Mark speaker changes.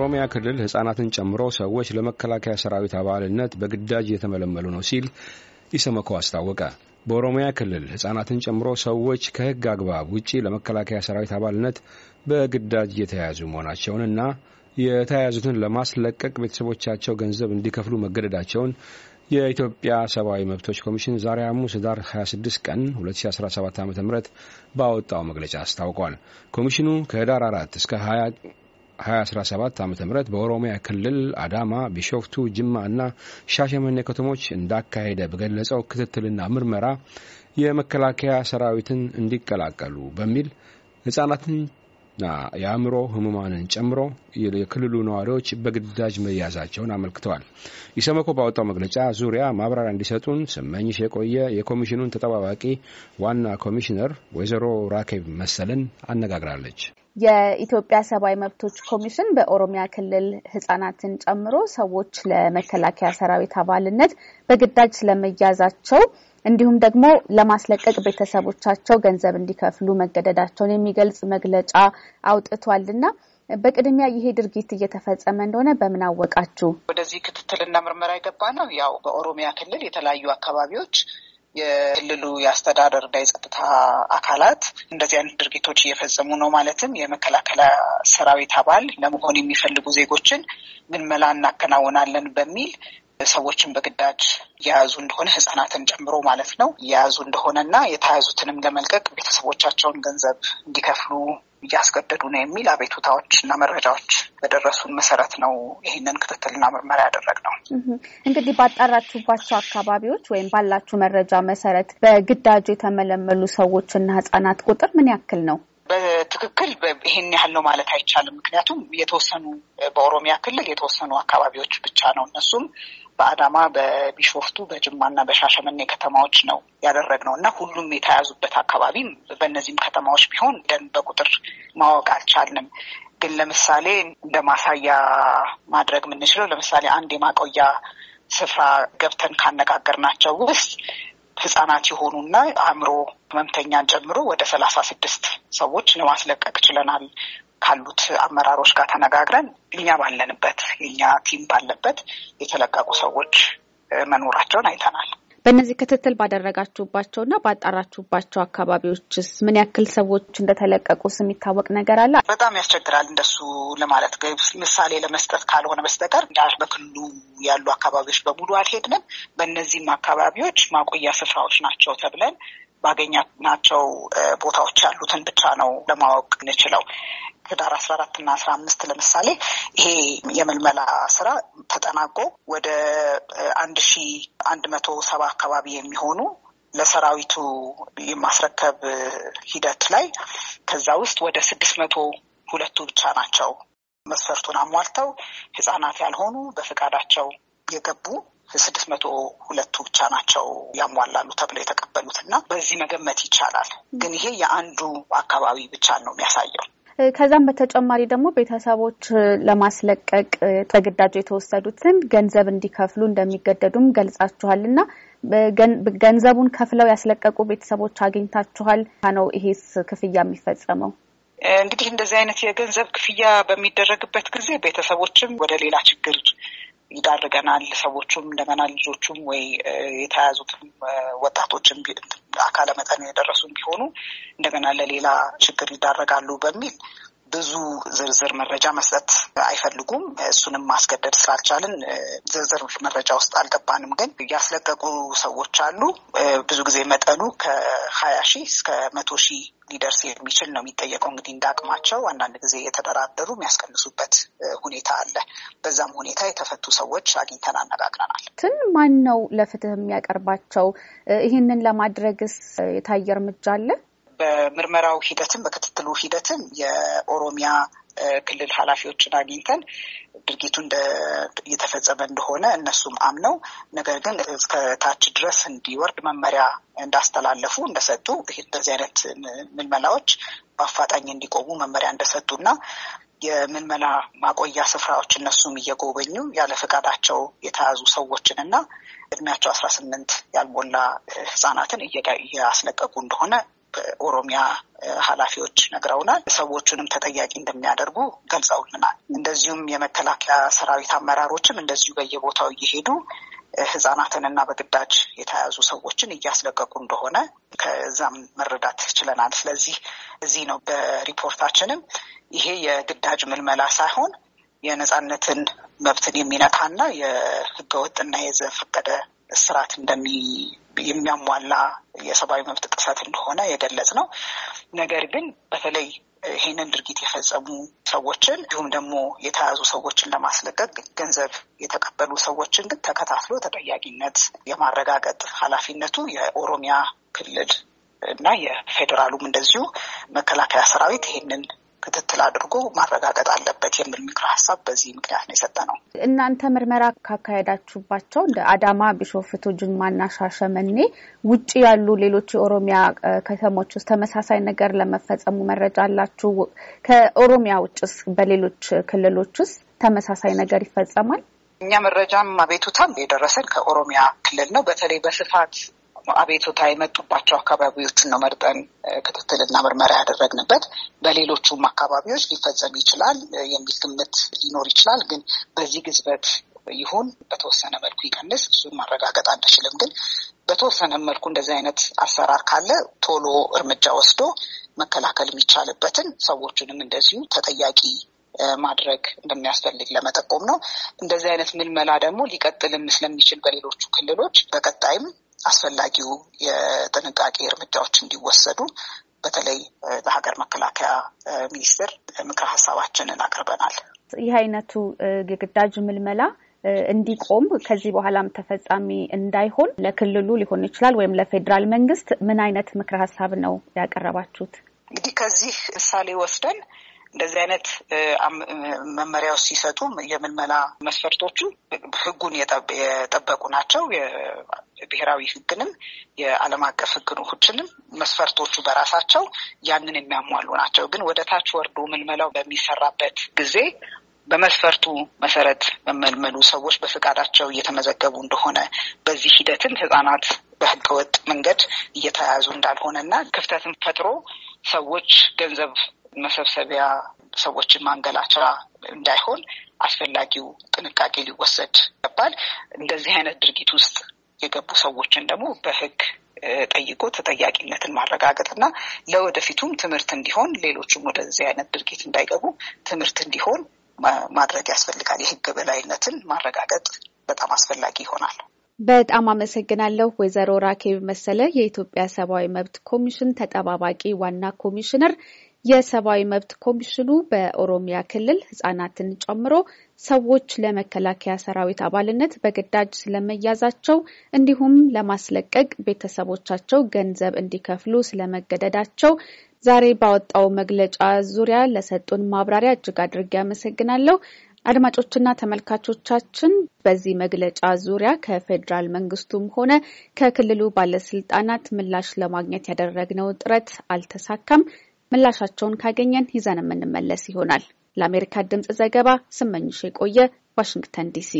Speaker 1: በኦሮሚያ ክልል ህጻናትን ጨምሮ ሰዎች ለመከላከያ ሰራዊት አባልነት በግዳጅ እየተመለመሉ ነው ሲል ኢሰመኮ አስታወቀ። በኦሮሚያ ክልል ህጻናትን ጨምሮ ሰዎች ከህግ አግባብ ውጪ ለመከላከያ ሰራዊት አባልነት በግዳጅ እየተያዙ መሆናቸውንና የተያያዙትን ለማስለቀቅ ቤተሰቦቻቸው ገንዘብ እንዲከፍሉ መገደዳቸውን የኢትዮጵያ ሰብአዊ መብቶች ኮሚሽን ዛሬ ሐሙስ ህዳር 26 ቀን 2017 ዓ ም ባወጣው መግለጫ አስታውቋል። ኮሚሽኑ ከህዳር 4 እስከ 20 2017 ዓ ም በኦሮሚያ ክልል አዳማ፣ ቢሾፍቱ፣ ጅማ እና ሻሸመኔ ከተሞች እንዳካሄደ በገለጸው ክትትልና ምርመራ የመከላከያ ሰራዊትን እንዲቀላቀሉ በሚል ህጻናትንና የአእምሮ ህሙማንን ጨምሮ የክልሉ ነዋሪዎች በግዳጅ መያዛቸውን አመልክተዋል። ኢሰመኮ ባወጣው መግለጫ ዙሪያ ማብራሪያ እንዲሰጡን ስመኝሽ የቆየ የኮሚሽኑን ተጠባባቂ ዋና ኮሚሽነር ወይዘሮ ራኬብ መሰልን አነጋግራለች።
Speaker 2: የኢትዮጵያ ሰብአዊ መብቶች ኮሚሽን በኦሮሚያ ክልል ህጻናትን ጨምሮ ሰዎች ለመከላከያ ሰራዊት አባልነት በግዳጅ ስለመያዛቸው እንዲሁም ደግሞ ለማስለቀቅ ቤተሰቦቻቸው ገንዘብ እንዲከፍሉ መገደዳቸውን የሚገልጽ መግለጫ አውጥቷል በቅድሚያ ይሄ ድርጊት እየተፈጸመ እንደሆነ በምን አወቃችሁ?
Speaker 3: ወደዚህ ክትትልና ምርመራ የገባ ነው ያው በኦሮሚያ ክልል የተለያዩ አካባቢዎች የክልሉ የአስተዳደርና የጸጥታ አካላት እንደዚህ አይነት ድርጊቶች እየፈጸሙ ነው። ማለትም የመከላከያ ሰራዊት አባል ለመሆን የሚፈልጉ ዜጎችን ምልመላ እናከናውናለን በሚል ሰዎችን በግዳጅ የያዙ እንደሆነ ህጻናትን ጨምሮ ማለት ነው የያዙ እንደሆነ እና የተያዙትንም ለመልቀቅ ቤተሰቦቻቸውን ገንዘብ እንዲከፍሉ እያስገደዱ ነው የሚል አቤቱታዎች እና መረጃዎች በደረሱን መሰረት ነው ይህንን ክትትልና ምርመራ ያደረግነው።
Speaker 2: እንግዲህ ባጣራችሁባቸው አካባቢዎች ወይም ባላችሁ መረጃ መሰረት በግዳጁ የተመለመሉ እና ህጻናት ቁጥር ምን ያክል ነው?
Speaker 3: በትክክል ይህን ያህል ነው ማለት አይቻልም። ምክንያቱም የተወሰኑ በኦሮሚያ ክልል የተወሰኑ አካባቢዎች ብቻ ነው እነሱም በአዳማ፣ በቢሾፍቱ፣ በጅማና በሻሸመኔ ከተማዎች ነው ያደረግነው እና ሁሉም የተያዙበት አካባቢም በእነዚህም ከተማዎች ቢሆን ደን በቁጥር ማወቅ አልቻልንም። ግን ለምሳሌ እንደ ማሳያ ማድረግ የምንችለው ለምሳሌ አንድ የማቆያ ስፍራ ገብተን ካነጋገርናቸው ውስጥ ህጻናት የሆኑና አእምሮ ህመምተኛን ጨምሮ ወደ ሰላሳ ስድስት ሰዎች ለማስለቀቅ ችለናል። ካሉት አመራሮች ጋር ተነጋግረን እኛ ባለንበት የኛ ቲም ባለበት የተለቀቁ ሰዎች መኖራቸውን አይተናል።
Speaker 2: በእነዚህ ክትትል ባደረጋችሁባቸው እና ባጣራችሁባቸው አካባቢዎችስ ምን ያክል ሰዎች እንደተለቀቁ የሚታወቅ ነገር አለ?
Speaker 3: በጣም ያስቸግራል እንደሱ ለማለት ምሳሌ ለመስጠት ካልሆነ በስተቀር እንዳል በክልሉ ያሉ አካባቢዎች በሙሉ አልሄድንም። በእነዚህም አካባቢዎች ማቆያ ስፍራዎች ናቸው ተብለን ባገኛናቸው ቦታዎች ያሉትን ብቻ ነው ለማወቅ እንችለው። ህዳር አስራ አራት እና አስራ አምስት ለምሳሌ ይሄ የመልመላ ስራ ተጠናቆ ወደ አንድ ሺ አንድ መቶ ሰባ አካባቢ የሚሆኑ ለሰራዊቱ የማስረከብ ሂደት ላይ ከዛ ውስጥ ወደ ስድስት መቶ ሁለቱ ብቻ ናቸው መስፈርቱን አሟልተው ህጻናት ያልሆኑ በፈቃዳቸው የገቡ ስድስት መቶ ሁለቱ ብቻ ናቸው ያሟላሉ ተብለው የተቀበሉት እና በዚህ መገመት ይቻላል። ግን ይሄ የአንዱ አካባቢ ብቻ ነው
Speaker 1: የሚያሳየው።
Speaker 2: ከዛም በተጨማሪ ደግሞ ቤተሰቦች ለማስለቀቅ ተግዳጅ የተወሰዱትን ገንዘብ እንዲከፍሉ እንደሚገደዱም ገልጻችኋል እና ገንዘቡን ከፍለው ያስለቀቁ ቤተሰቦች አግኝታችኋል ነው? ይሄስ ክፍያ የሚፈጸመው?
Speaker 3: እንግዲህ እንደዚህ አይነት የገንዘብ ክፍያ በሚደረግበት ጊዜ ቤተሰቦችም ወደ ሌላ ችግር ይዳርገናል። ሰዎቹም እንደገና ልጆቹም ወይ የተያያዙትም ወጣቶችም አካለ መጠን የደረሱ ቢሆኑ እንደገና ለሌላ ችግር ይዳረጋሉ በሚል ብዙ ዝርዝር መረጃ መስጠት አይፈልጉም። እሱንም ማስገደድ ስላልቻልን ዝርዝር መረጃ ውስጥ አልገባንም። ግን ያስለቀቁ ሰዎች አሉ። ብዙ ጊዜ መጠኑ ከሀያ ሺህ እስከ መቶ ሺህ ሊደርስ የሚችል ነው የሚጠየቀው። እንግዲህ እንዳቅማቸው አንዳንድ ጊዜ የተደራደሩ የሚያስቀንሱበት ሁኔታ አለ። በዛም ሁኔታ የተፈቱ ሰዎች አግኝተን አነጋግረናል።
Speaker 2: ትን ማን ነው ለፍትህ የሚያቀርባቸው? ይህንን ለማድረግስ የታየ እርምጃ አለ?
Speaker 3: በምርመራው ሂደትም በክትትሉ ሂደትም የኦሮሚያ ክልል ኃላፊዎችን አግኝተን ድርጊቱ እየተፈጸመ እንደሆነ እነሱም አምነው ነገር ግን እስከ ታች ድረስ እንዲወርድ መመሪያ እንዳስተላለፉ እንደሰጡ እንደዚህ አይነት ምልመላዎች በአፋጣኝ እንዲቆሙ መመሪያ እንደሰጡ እና የምልመላ ማቆያ ስፍራዎች እነሱም እየጎበኙ ያለ ፈቃዳቸው የተያዙ ሰዎችን እና እድሜያቸው አስራ ስምንት ያልሞላ ህጻናትን እያስለቀቁ እንደሆነ በኦሮሚያ ኃላፊዎች ነግረውናል። ሰዎቹንም ተጠያቂ እንደሚያደርጉ ገልጸውልናል። እንደዚሁም የመከላከያ ሰራዊት አመራሮችም እንደዚሁ በየቦታው እየሄዱ ህጻናትንና በግዳጅ የተያዙ ሰዎችን እያስለቀቁ እንደሆነ ከዛም መረዳት ችለናል። ስለዚህ እዚህ ነው በሪፖርታችንም ይሄ የግዳጅ ምልመላ ሳይሆን የነጻነትን መብትን የሚነካና የህገወጥና የዘፈቀደ ስርዓት እንደሚ የሚያሟላ የሰብአዊ መብት ጥሰት እንደሆነ የገለጽ ነው። ነገር ግን በተለይ ይህንን ድርጊት የፈጸሙ ሰዎችን እንዲሁም ደግሞ የተያዙ ሰዎችን ለማስለቀቅ ገንዘብ የተቀበሉ ሰዎችን ግን ተከታትሎ ተጠያቂነት የማረጋገጥ ኃላፊነቱ የኦሮሚያ ክልል እና የፌዴራሉም እንደዚሁ መከላከያ ሰራዊት ይህንን ክትትል አድርጎ ማረጋገጥ አለበት የሚል ምክረ ሀሳብ በዚህ ምክንያት ነው የሰጠ ነው።
Speaker 2: እናንተ ምርመራ ካካሄዳችሁባቸው እንደ አዳማ፣ ቢሾፍቱ፣ ጅማና ሻሸመኔ ውጭ ያሉ ሌሎች የኦሮሚያ ከተሞች ውስጥ ተመሳሳይ ነገር ለመፈጸሙ መረጃ አላችሁ? ከኦሮሚያ ውጭስ በሌሎች ክልሎች ውስጥ ተመሳሳይ ነገር ይፈጸማል?
Speaker 3: እኛ መረጃም አቤቱታም የደረሰን ከኦሮሚያ ክልል ነው። በተለይ በስፋት አቤቱታ የመጡባቸው አካባቢዎችን ነው መርጠን ክትትልና ምርመራ ያደረግንበት። በሌሎቹም አካባቢዎች ሊፈጸም ይችላል የሚል ግምት ሊኖር ይችላል። ግን በዚህ ግዝበት ይሁን በተወሰነ መልኩ ይቀንስ፣ እሱን ማረጋገጥ አንችልም። ግን በተወሰነ መልኩ እንደዚህ አይነት አሰራር ካለ ቶሎ እርምጃ ወስዶ መከላከል የሚቻልበትን ሰዎቹንም እንደዚሁ ተጠያቂ ማድረግ እንደሚያስፈልግ ለመጠቆም ነው። እንደዚህ አይነት ምልመላ ደግሞ ሊቀጥልም ስለሚችል በሌሎቹ ክልሎች በቀጣይም አስፈላጊው የጥንቃቄ እርምጃዎች እንዲወሰዱ በተለይ ለሀገር መከላከያ ሚኒስቴር ምክረ ሀሳባችንን አቅርበናል።
Speaker 2: ይህ አይነቱ የግዳጅ ምልመላ እንዲቆም ከዚህ በኋላም ተፈጻሚ እንዳይሆን ለክልሉ ሊሆን ይችላል ወይም ለፌዴራል መንግስት ምን አይነት ምክረ ሀሳብ ነው ያቀረባችሁት?
Speaker 3: እንግዲህ ከዚህ ምሳሌ ወስደን እንደዚህ አይነት መመሪያዎች ሲሰጡ የምልመላ መስፈርቶቹ ህጉን የጠበቁ ናቸው። የብሔራዊ ህግንም የዓለም አቀፍ ህጎችንም መስፈርቶቹ በራሳቸው ያንን የሚያሟሉ ናቸው። ግን ወደ ታች ወርዶ ምልመላው በሚሰራበት ጊዜ በመስፈርቱ መሰረት መመልመሉ ሰዎች በፍቃዳቸው እየተመዘገቡ እንደሆነ በዚህ ሂደትም ህጻናት በህገወጥ መንገድ እየተያያዙ እንዳልሆነ እና ክፍተትን ፈጥሮ ሰዎች ገንዘብ መሰብሰቢያ ሰዎችን ማንገላቻ እንዳይሆን አስፈላጊው ጥንቃቄ ሊወሰድ ይገባል። እንደዚህ አይነት ድርጊት ውስጥ የገቡ ሰዎችን ደግሞ በህግ ጠይቆ ተጠያቂነትን ማረጋገጥና ለወደፊቱም ትምህርት እንዲሆን ሌሎችም ወደዚህ አይነት ድርጊት እንዳይገቡ ትምህርት እንዲሆን ማድረግ ያስፈልጋል። የህግ በላይነትን ማረጋገጥ በጣም አስፈላጊ ይሆናል።
Speaker 2: በጣም አመሰግናለሁ ወይዘሮ ራኬብ መሰለ የኢትዮጵያ ሰብአዊ መብት ኮሚሽን ተጠባባቂ ዋና ኮሚሽነር የሰብአዊ መብት ኮሚሽኑ በኦሮሚያ ክልል ህጻናትን ጨምሮ ሰዎች ለመከላከያ ሰራዊት አባልነት በግዳጅ ስለመያዛቸው እንዲሁም ለማስለቀቅ ቤተሰቦቻቸው ገንዘብ እንዲከፍሉ ስለመገደዳቸው ዛሬ ባወጣው መግለጫ ዙሪያ ለሰጡን ማብራሪያ እጅግ አድርጌ አመሰግናለሁ። አድማጮችና ተመልካቾቻችን በዚህ መግለጫ ዙሪያ ከፌዴራል መንግስቱም ሆነ ከክልሉ ባለስልጣናት ምላሽ ለማግኘት ያደረግነው ጥረት አልተሳካም። ምላሻቸውን ካገኘን ይዘን የምንመለስ ይሆናል። ለአሜሪካ ድምጽ ዘገባ ስመኝሽ የቆየ ዋሽንግተን ዲሲ